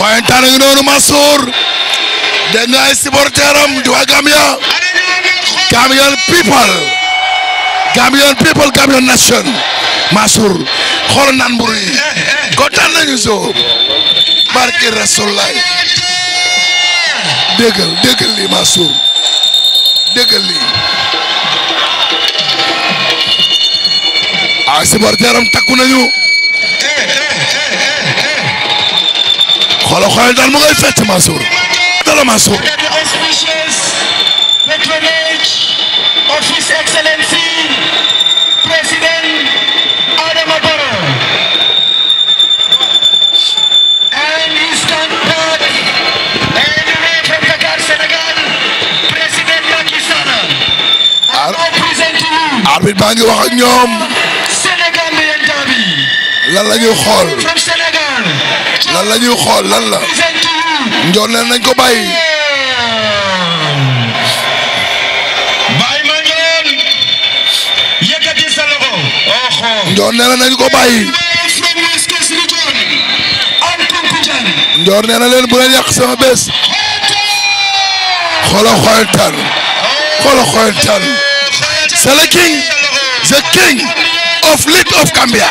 xoyantaan ngi noonu Mansour dégg nga ay supporter am di waa Gambia Gambian people Gambian people Gambian nation Mansour xool naan mburu yi kontaan nañu soo barke Rasulullah déggal déggal lii Mansour déggal lii ay supporter am takku nañu wala xoolal daal mu ngay fett Mansour dala Mansour of His Excellency President Adama Barrow and his counterpart and Senegal, President Macky Sall. I now present wax ak ñoom. Sénégal bi lan la ñuy xool. lan la ñuy xool lan la njoon leen nañ ko bàyyi bàyyi ma njoon yëkkati sa loxo oxo njoon nee na nañ ko bàyyi njoor nee na leen bu leen yàq sama bés xoolal xoyantaan xoolal xoyantaan c'est le king the king of lit of Gambia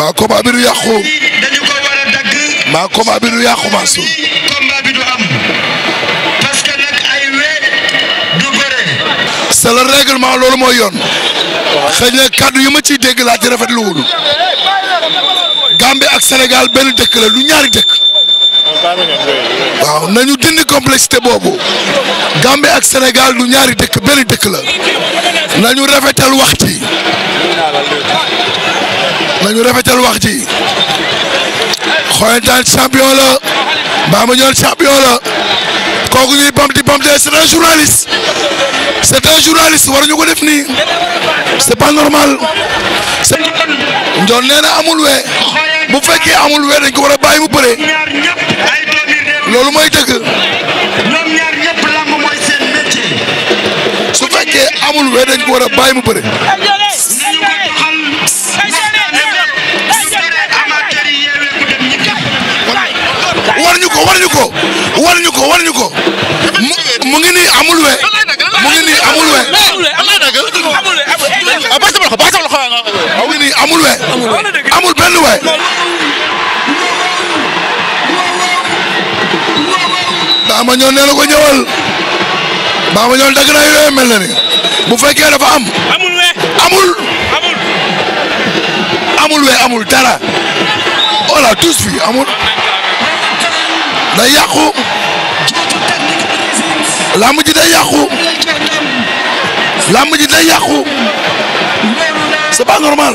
maa combat bi du yàqu. dañu ko war a dagg. maa du yàqu maa suul. combat bi du am. parce que ay we du bëre. c'est le règlement loolu mooy yoon. xëy na kàddu yi ma ciy dégg laa ci rafetlu wul. Gambie ak Sénégal benn dëkk la lu ñaari dëkk. waaw nañu dindi complexité boobu. Gambie ak Sénégal lu ñaari dëkk benn dëkk la. nañu rafetal waxti nañu rafetal wax ji Xoyantaan champion la Bamba Ndione champion la kooku ñuy bam di bam de c'est un journaliste c'est un journaliste waruñu ko def nii c'est pas normal c'est Ndione na amul wee bu fekkee amul wee dañ ko war a bàyyi mu bëree loolu mooy dëgg su fekkee amul wee dañ ko war a bàyyi mu bëree. ko ñu ko war ñu ko war ñu ko mu amul mu ngi nii amul we mu ngi nii amul we amul benn we Baama ñoon nee na ko ñëwal Baama ñoon dagg na yooyu mel na ni bu fekkee dafa am amul amul amul we amul dara voilà tous fi amul day yàqu làmb ji day yàqu làmb ji day yàqu c'est pas normal.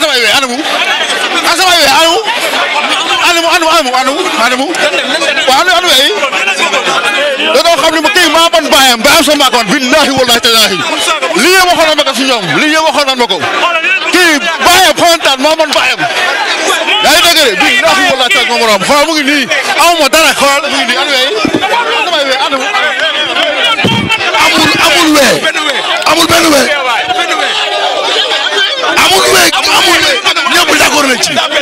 samay wee anamu ah samay wee anamu anamu anamu anamu anamu waaw anamu anamu wee eh. da doon xam ne ma kii maa ban bàyyam ba am sama akoon billaahi wallaahi tallaahi lii yëpp waxoon na ma ko si ñoom lii yëpp waxoon na ma ko kii bàyyam xontaan maa ban bàyyam yaa ngi dégg de billaahi wallaahi tallaahi moom morom xool mu ngi nii amu ma dara xool mu ngi nii anamu wee samay wee anamu amul amul wee amul benn wee it.